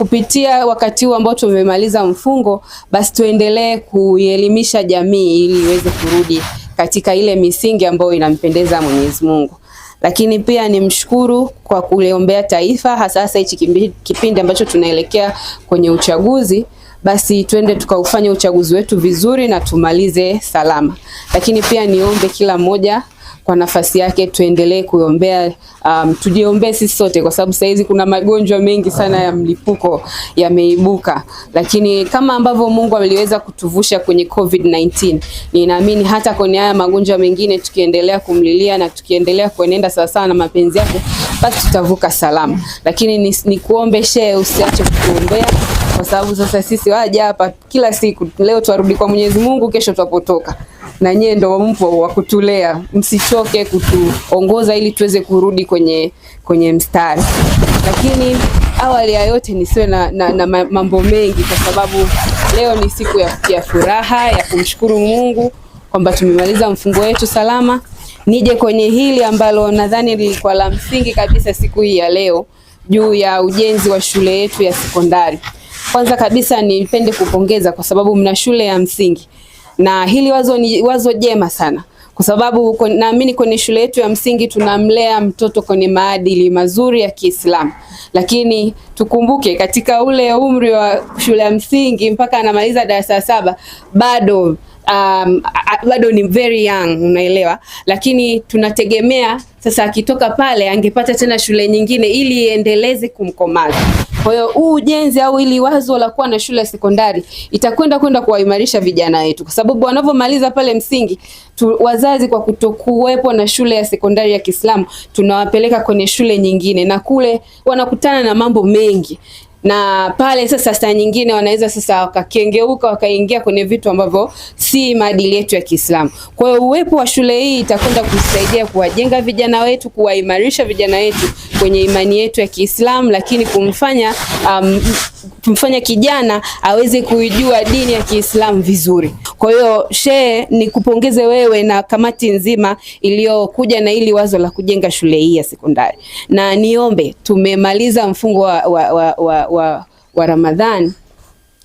kupitia wakati huu ambao tumemaliza mfungo, basi tuendelee kuielimisha jamii ili iweze kurudi katika ile misingi ambayo inampendeza Mwenyezi Mungu. Lakini pia nimshukuru kwa kuliombea taifa, hasa hasa hichi kipindi ambacho tunaelekea kwenye uchaguzi basi twende tukaufanya uchaguzi wetu vizuri na tumalize salama. Lakini pia niombe kila mmoja kwa nafasi yake tuendelee kuombea, um, tujiombee sisi sote, kwa sababu saizi kuna magonjwa mengi sana ya mlipuko yameibuka, lakini kama ambavyo Mungu aliweza kutuvusha kwenye COVID-19, ninaamini hata kwenye haya magonjwa mengine tukiendelea kumlilia na tukiendelea kuenenda sawa sawa na mapenzi yake, basi tutavuka salama. Lakini ni, ni kuombe shehe, usiache kuombea kwa sababu sasa sisi waja hapa kila siku, leo tuarudi kwa Mwenyezi Mungu, kesho tuapotoka. na nyie ndo mpo wa kutulea, msichoke kutuongoza ili tuweze kurudi kwenye kwenye mstari. Lakini awali ya yote nisiwe na, na, na mambo mengi, kwa sababu leo ni siku ya, ya furaha ya kumshukuru Mungu kwamba tumemaliza mfungo wetu salama. Nije kwenye hili ambalo nadhani lilikuwa la msingi kabisa siku hii ya leo juu ya ujenzi wa shule yetu ya sekondari. Kwanza kabisa nipende kupongeza kwa sababu mna shule ya msingi na hili wazo ni wazo jema sana, kwa sababu naamini kwenye shule yetu ya msingi tunamlea mtoto kwenye maadili mazuri ya Kiislamu, lakini tukumbuke katika ule umri wa shule ya msingi mpaka anamaliza darasa saba bado Um, bado ni very young unaelewa, lakini tunategemea sasa akitoka pale angepata tena shule nyingine ili iendeleze kumkomaza. Kwa hiyo huu ujenzi au ili wazo la kuwa na shule ya sekondari itakwenda kwenda kuwaimarisha vijana wetu, kwa sababu wanavyomaliza pale msingi tu, wazazi kwa kutokuwepo na shule ya sekondari ya Kiislamu tunawapeleka kwenye shule nyingine, na kule wanakutana na mambo mengi na pale sasa, saa nyingine wanaweza sasa wakakengeuka wakaingia kwenye vitu ambavyo si maadili yetu ya Kiislamu. Kwa hiyo uwepo wa shule hii itakwenda kusaidia kuwajenga vijana wetu, kuwaimarisha vijana wetu kwenye imani yetu ya Kiislamu, lakini kumfanya um, kumfanya kijana aweze kuijua dini ya Kiislamu vizuri. Kwa hiyo shehe, ni kupongeze wewe na kamati nzima iliyokuja na ili wazo la kujenga shule hii ya sekondari, na niombe tumemaliza mfungo wa, wa, wa, wa wa, wa Ramadhani.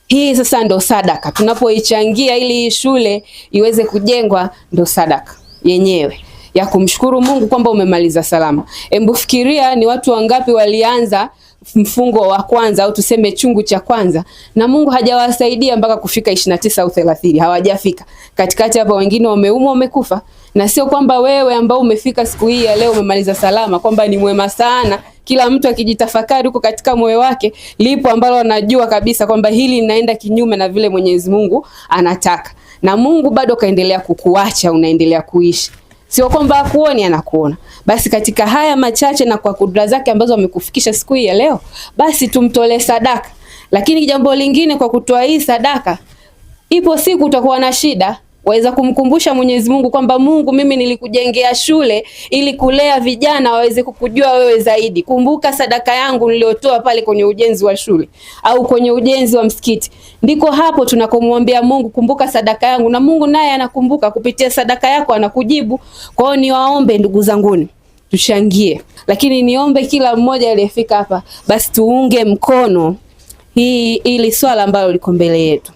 Hii sasa ndo sadaka tunapoichangia ili shule iweze kujengwa, ndo sadaka yenyewe ya kumshukuru Mungu kwamba umemaliza salama. Hebu fikiria ni watu wangapi walianza mfungo wa kwanza au tuseme chungu cha kwanza na Mungu hajawasaidia mpaka kufika 29 tisa au thelathini hawajafika katikati. Hapa wengine wameumwa, wamekufa na sio kwamba wewe ambao umefika siku hii ya leo umemaliza salama, kwamba ni mwema sana. Kila mtu akijitafakari huko katika moyo wake, lipo ambalo anajua kabisa kwamba hili linaenda kinyume na vile Mwenyezi Mungu anataka, na Mungu bado kaendelea kukuacha, unaendelea kuishi Sio kwamba akuoni, anakuona. Basi katika haya machache na kwa kudra zake ambazo amekufikisha siku hii ya leo, basi tumtolee sadaka. Lakini jambo lingine, kwa kutoa hii sadaka, ipo siku utakuwa na shida, waweza kumkumbusha Mwenyezi Mungu kwamba Mungu, mimi nilikujengea shule ili kulea vijana waweze kukujua wewe zaidi. Kumbuka sadaka yangu niliyotoa pale kwenye ujenzi wa shule au kwenye ujenzi wa msikiti. Ndiko hapo tunakomwambia Mungu, kumbuka sadaka yangu, na Mungu naye anakumbuka kupitia sadaka yako, anakujibu. Kwa hiyo niwaombe ndugu zanguni, tuchangie, lakini niombe kila mmoja aliyefika hapa basi tuunge mkono hii ili swala ambalo liko mbele yetu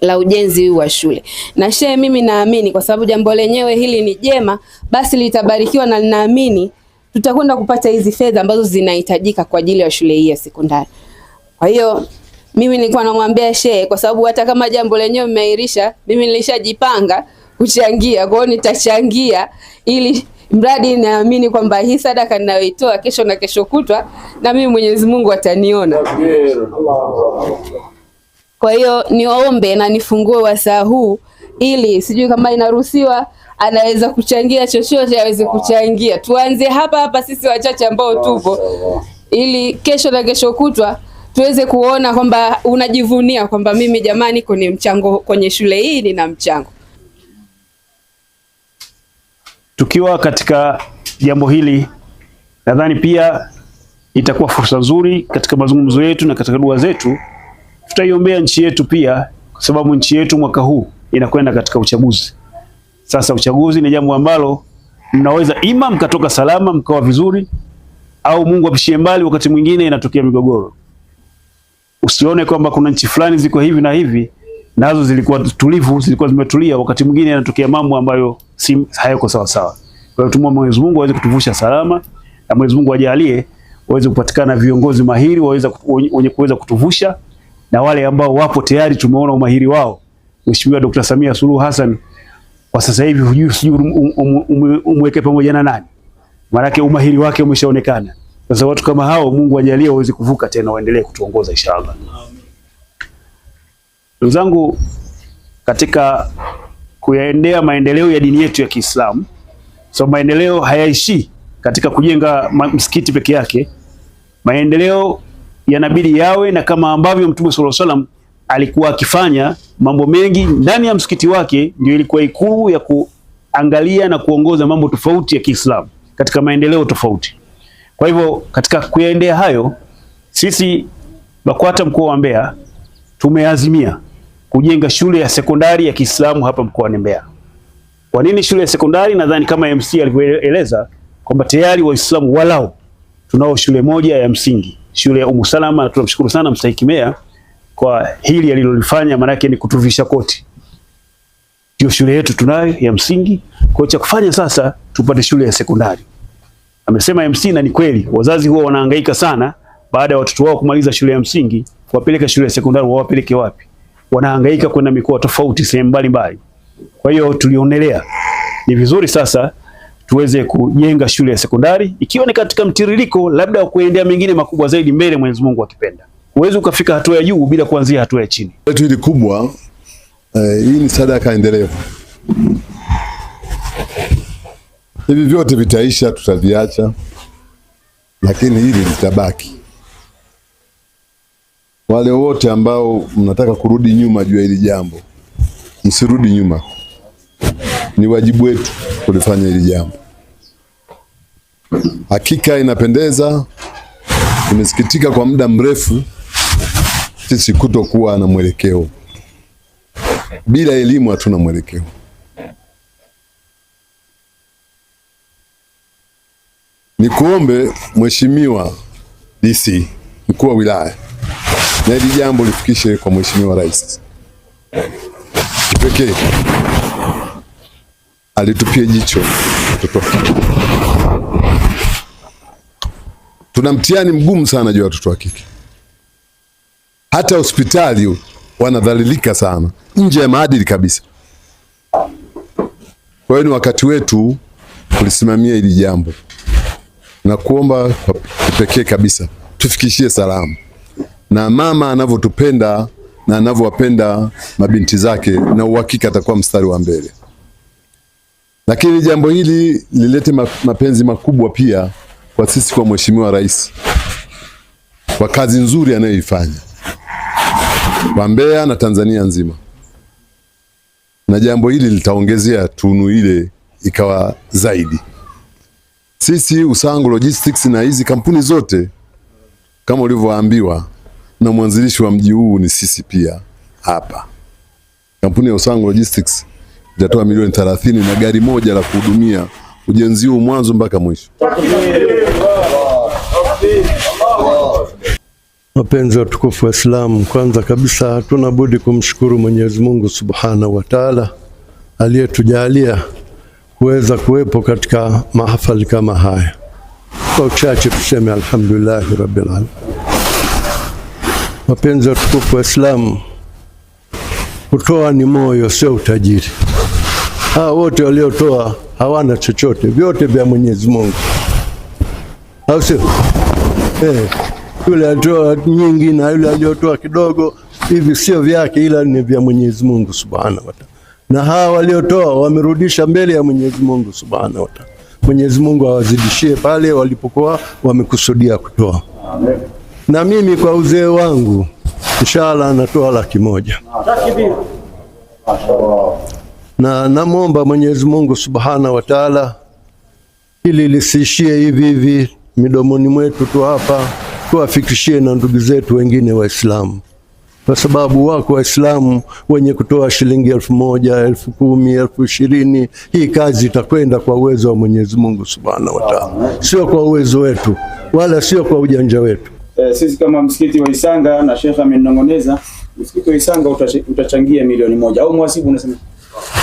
la ujenzi wa shule. Na shehe, mimi naamini kwa sababu jambo lenyewe hili ni jema, basi litabarikiwa na ninaamini tutakwenda kupata hizi fedha ambazo zinahitajika kwa ajili ya shule hii ya sekondari. Kwa hiyo mimi nilikuwa namwambia shehe, kwa sababu hata kama jambo lenyewe mmeahirisha, mimi nilishajipanga kuchangia, kwa hiyo nitachangia ili mradi naamini kwamba hii sadaka ninayoitoa kesho na kesho kutwa na mimi Mwenyezi Mungu ataniona. Kwa hiyo niwaombe na nifungue wasaa huu, ili sijui kama inaruhusiwa, anaweza kuchangia chochote, aweze kuchangia. Tuanze hapa hapa sisi wachache ambao tupo, ili kesho na kesho kutwa tuweze kuona kwamba unajivunia kwamba mimi jamani, kwenye mchango kwenye shule hii nina mchango. Tukiwa katika jambo hili, nadhani pia itakuwa fursa nzuri katika mazungumzo yetu na katika dua zetu tutaiombea nchi yetu pia, kwa sababu nchi yetu mwaka huu inakwenda katika uchaguzi. Sasa uchaguzi ni jambo ambalo mnaweza ima mkatoka salama mkawa vizuri, au Mungu apishie mbali, wakati mwingine inatokea migogoro. Usione kwamba kuna nchi fulani ziko hivi na hivi, nazo zilikuwa tulivu, zilikuwa zimetulia, wakati mwingine inatokea mambo ambayo si hayako sawa sawa. Kwa hiyo tumwombe Mwenyezi Mungu aweze kutuvusha salama, na Mwenyezi Mungu ajalie waweze kupatikana viongozi mahiri waweza wenye kuweza kutuvusha na wale ambao wapo tayari, tumeona umahiri wao. Mheshimiwa Dr. Samia Suluhu Hassan kwa sasa hivi hujui sijui umweke pamoja na nani, maanake umahiri wake umeshaonekana. Sasa watu kama hao, Mungu ajalie waweze kuvuka tena, waendelee kutuongoza inshallah. Ndugu zangu, katika kuyaendea maendeleo ya dini yetu ya Kiislamu, so maendeleo hayaishii katika kujenga msikiti peke yake. Maendeleo yanabidi yawe na kama ambavyo Mtume sallallahu alaihi wasallam alikuwa akifanya mambo mengi ndani ya msikiti wake, ndio ilikuwa ikulu ya kuangalia na kuongoza mambo tofauti ya Kiislamu katika maendeleo tofauti. Kwa hivyo katika kuyaendea hayo, sisi BAKWATA mkoa wa Mbeya tumeazimia kujenga shule ya sekondari ya Kiislamu hapa mkoani Mbeya. Kwa nini shule ya sekondari? Nadhani kama MC alivyoeleza kwamba tayari Waislamu walau tunao shule moja ya msingi shule ya Umu Salama, na tunamshukuru sana mstahiki meya kwa hili alilolifanya, maanake ni kutuvisha koti. Hiyo shule yetu tunayo ya msingi, kwa cha kufanya sasa tupate shule ya sekondari. Amesema MC na ni kweli, wazazi huwa wanahangaika sana baada ya watoto wao kumaliza shule ya msingi kuwapeleka shule ya sekondari, wawapeleke wapi? Wanahangaika kwenda mikoa tofauti, sehemu mbalimbali. Kwa hiyo tulionelea ni vizuri sasa tuweze kujenga shule ya sekondari ikiwa ni katika mtiririko labda wa kuendea mengine makubwa zaidi mbele, Mwenyezi Mungu akipenda. Huwezi ukafika hatua ya juu bila kuanzia hatua ya chini. Letu hili kubwa eh, hii ni sadaka endelevu. Hivi vyote vitaisha, tutaviacha, lakini hili litabaki. Wale wote ambao mnataka kurudi nyuma juu ya hili jambo, msirudi nyuma ni wajibu wetu kulifanya hili jambo. Hakika inapendeza, tumesikitika kwa muda mrefu sisi kutokuwa na mwelekeo. Bila elimu hatuna mwelekeo. Nikuombe Mheshimiwa DC, mkuu wa wilaya, na hili jambo lifikishe kwa Mheshimiwa Rais kipekee alitupia jicho mtoto. Tuna mtihani mgumu sana juu ya watoto wa kike, hata hospitali wanadhalilika sana, nje ya maadili kabisa. Kwa hiyo ni wakati wetu kulisimamia hili jambo na kuomba kwa pekee kabisa tufikishie salamu, na mama anavyotupenda na anavyowapenda mabinti zake, na uhakika atakuwa mstari wa mbele. Lakini jambo hili lilete mapenzi makubwa pia kwa sisi, kwa Mheshimiwa Rais kwa kazi nzuri anayoifanya kwa Mbeya na Tanzania nzima, na jambo hili litaongezea tunu ile ikawa zaidi. Sisi Usangu Logistics na hizi kampuni zote kama ulivyoambiwa na mwanzilishi wa mji huu ni sisi pia hapa, kampuni ya Usangu Logistics itatoa milioni 30 na gari moja la kuhudumia ujenzi huu mwanzo mpaka mwisho. Wapenzi wa tukufu wa Islamu, kwanza kabisa hatuna budi kumshukuru Mwenyezi Mungu Subhanahu wa Ta'ala aliyetujalia kuweza kuwepo katika mahafali kama haya. Kwa uchache tuseme alhamdulillahi rabbil alamin. Wapenzi wa tukufu wa Islamu, kutoa ni moyo, sio utajiri. Hawa wote waliotoa hawana chochote, vyote vya Mwenyezi Mungu, au sio? Eh, yule alitoa nyingi na yule aliotoa kidogo, hivi sio vyake, ila ni vya Mwenyezi Mungu Subhanahu wa Ta'ala. Na hawa waliotoa wamerudisha mbele ya Mwenyezi Mungu Subhanahu wa Ta'ala. Mwenyezi Mungu awazidishie pale walipokuwa wamekusudia kutoa. Amen. Na mimi kwa uzee wangu inshallah natoa laki moja na namwomba Mwenyezi Mungu Subhana wa Taala ili lisiishie hivi hivi midomoni mwetu tu hapa, tuwafikishie na ndugu zetu wengine Waislamu, kwa sababu wako Waislamu wenye kutoa shilingi elfu moja elfu kumi elfu ishirini Hii kazi itakwenda kwa uwezo wa Mwenyezi Mungu Subhana wa Taala, sio kwa uwezo wetu wala sio kwa ujanja wetu. Eh, sisi kama msikiti wa Isanga na Sheikh amenong'oneza, msikiti wa Isanga utachangia milioni moja au mwasibu unasema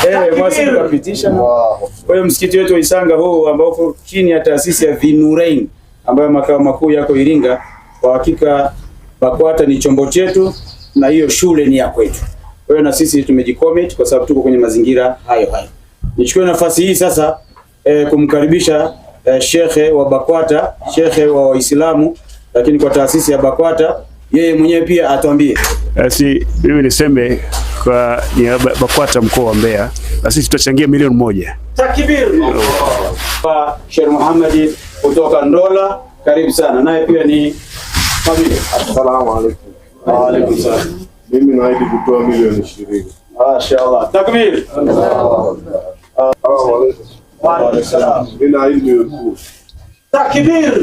Ewe eh, mwasi tukapitisha. Kwa hiyo msikiti wetu wa Isanga huu ambao uko chini ya taasisi ya Vinurain ambayo makao makuu yako Iringa, kwa hakika BAKWATA ni chombo chetu na hiyo shule ni ya kwetu. Kwa hiyo na sisi tumejicommit kwa sababu tuko kwenye mazingira hayo hayo. Nichukue nafasi hii sasa eh, kumkaribisha eh, shekhe wa BAKWATA, shekhe wa Waislamu lakini kwa taasisi ya BAKWATA yeye mwenyewe pia atuambie. Si mimi niseme kwa ya BAKWATA mkoa wa Mbeya, na sisi tutachangia milioni moja. Takbir! Sheikh Muhammad kutoka Ndola, karibu sana naye pia ni familia. Assalamu alaykum. Wa alaykum salaam. Mimi naahidi kutoa milioni 20. Mashaallah. Takbir! Takbir!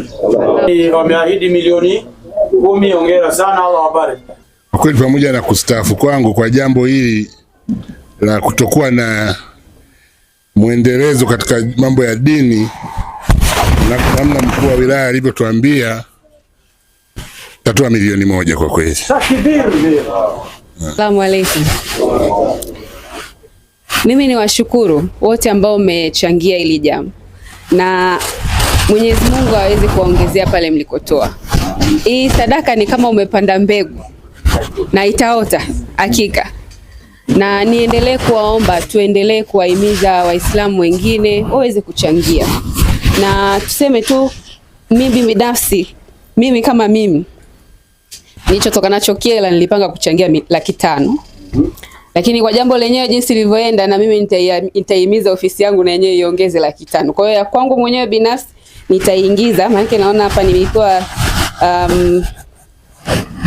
Wameahidi milioni kumi. Hongera sana, Allah wabariki. Kwa kweli pamoja na kustaafu kwangu kwa jambo hili la kutokuwa na mwendelezo katika mambo ya dini, na namna mkuu wa wilaya alivyotuambia tatua milioni moja kwa kweli. Asalamu alaykum. Mimi ni washukuru wote ambao mmechangia hili jambo, na Mwenyezi Mungu hawezi kuwaongezea pale mlikotoa. Hii sadaka ni kama umepanda mbegu na itaota hakika, na niendelee kuwaomba, tuendelee kuwahimiza Waislamu wengine waweze kuchangia, na tuseme tu, mimi binafsi, mimi kama mimi nilichotoka nacho kiela, nilipanga kuchangia laki tano lakini kwa jambo lenyewe jinsi lilivyoenda, na mimi nitaihimiza ofisi yangu na yenyewe iongeze laki tano. Kwa hiyo ya kwangu mwenyewe binafsi nitaiingiza, maana naona hapa nilitoa um,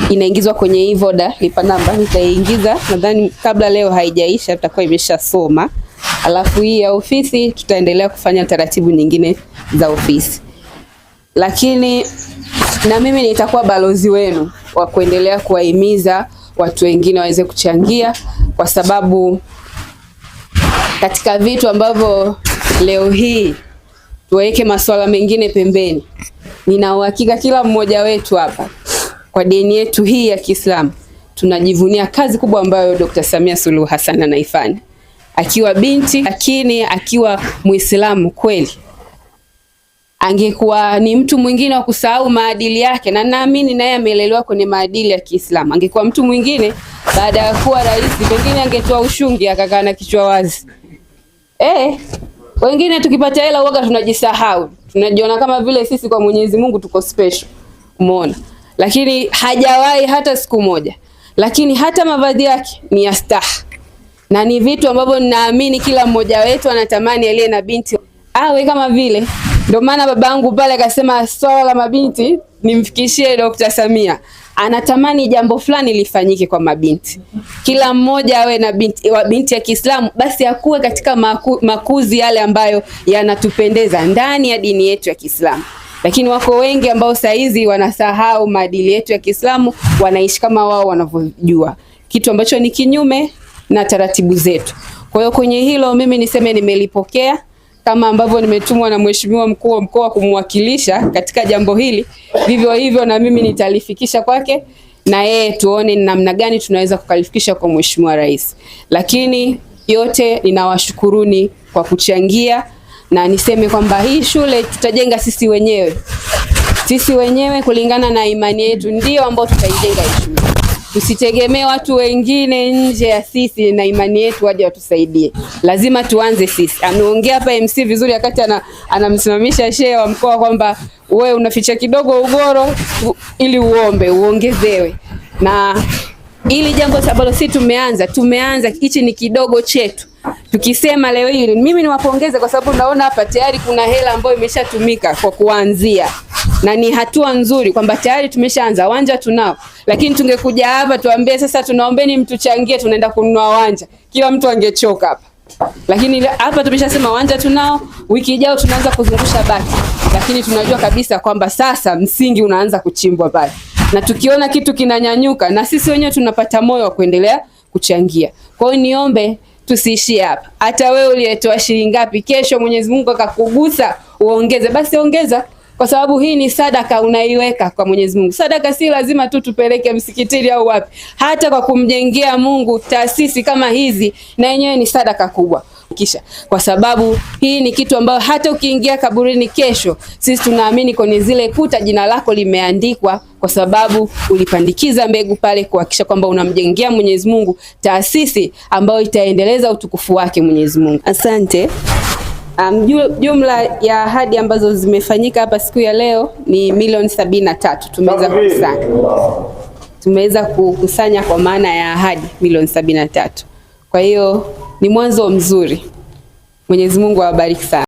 inaingizwa kwenye hii voda lipa namba. Nitaingiza nadhani kabla leo haijaisha tutakuwa imeshasoma, alafu hii ya ofisi tutaendelea kufanya taratibu nyingine za ofisi, lakini na mimi nitakuwa balozi wenu wa kuendelea kuwahimiza watu wengine waweze kuchangia, kwa sababu katika vitu ambavyo leo hii tuweke masuala mengine pembeni, nina uhakika kila mmoja wetu hapa kwa dini yetu hii ya Kiislamu tunajivunia kazi kubwa ambayo Dr. Samia Suluhu Hassan anaifanya akiwa binti, lakini akiwa Muislamu kweli. Angekuwa ni mtu mwingine wa kusahau maadili yake, na naamini naye ameelelewa kwenye maadili ya Kiislamu. Angekuwa mtu mwingine, baada ya kuwa rais, pengine angetoa ushungi akakaa na kichwa wazi. Eh, wengine tukipata hela uoga tunajisahau, tunajiona kama vile sisi kwa Mwenyezi Mungu tuko special. Umeona? lakini hajawahi hata siku moja. Lakini hata mavazi yake ni ya staha na ni vitu ambavyo ninaamini kila mmoja wetu anatamani aliye na binti awe kama vile. Ndio maana babangu pale akasema swala la mabinti nimfikishie Dr. Samia anatamani jambo fulani lifanyike kwa mabinti, kila mmoja awe na binti wa binti ya Kiislamu, basi akuwe katika maku, makuzi yale ambayo yanatupendeza ndani ya dini yetu ya Kiislamu lakini wako wengi ambao saizi wanasahau maadili yetu ya Kiislamu, wanaishi kama wao wanavyojua, kitu ambacho ni kinyume na taratibu zetu. Kwa hiyo kwenye hilo mimi niseme nimelipokea kama ambavyo nimetumwa na mheshimiwa mkuu wa mkoa kumwakilisha katika jambo hili, vivyo hivyo na mimi nitalifikisha kwake na yeye tuone ni namna gani tunaweza kukalifikisha kwa mheshimiwa rais. Lakini yote ninawashukuruni kwa kuchangia na niseme kwamba hii shule tutajenga sisi wenyewe, sisi wenyewe kulingana na imani yetu, ndio ambao tutaijenga hii shule. Tusitegemee watu wengine nje ya sisi na imani yetu waje watusaidie, lazima tuanze sisi. Ameongea hapa MC vizuri wakati anamsimamisha ana shehe wa mkoa kwamba wewe unaficha kidogo ugoro u, ili uombe uongezewe na ili jambo ambalo si tumeanza tumeanza, hichi ni kidogo chetu tukisema leo hii, mimi niwapongeze kwa sababu naona hapa tayari kuna hela ambayo imeshatumika kwa kuanzia, na ni hatua nzuri kwamba tayari tumeshaanza. Wanja tunao, lakini tungekuja hapa tuambie sasa tunaombeni mtuchangie, tunaenda kununua wanja, kila mtu angechoka hapa lakini hapa tumeshasema wanja tunao, wiki ijayo tunaanza kuzungusha bati, lakini tunajua kabisa kwamba sasa msingi unaanza kuchimbwa pale, na tukiona kitu kinanyanyuka na sisi wenyewe tunapata moyo wa kuendelea kuchangia. Kwa hiyo niombe tusiishie hapa. Hata wewe uliyetoa shilingi ngapi, kesho Mwenyezi Mungu akakugusa uongeze, basi ongeza, kwa sababu hii ni sadaka unaiweka kwa Mwenyezi Mungu. Sadaka si lazima tu tupeleke msikitini au wapi, hata kwa kumjengea Mungu taasisi kama hizi, na yenyewe ni sadaka kubwa kisha kwa sababu hii ni kitu ambayo hata ukiingia kaburini kesho, sisi tunaamini kwenye zile kuta jina lako limeandikwa, kwa sababu ulipandikiza mbegu pale, kuhakikisha kwamba unamjengea Mwenyezi Mungu taasisi ambayo itaendeleza utukufu wake Mwenyezi Mungu. Asante. Um, jumla ya ahadi ambazo zimefanyika hapa siku ya leo ni milioni sabini na tatu tumeweza kukusanya, tumeweza kukusanya kwa maana ya ahadi milioni sabini na tatu. Kwa hiyo ni mwanzo mzuri. Mwenyezi Mungu awabariki sana.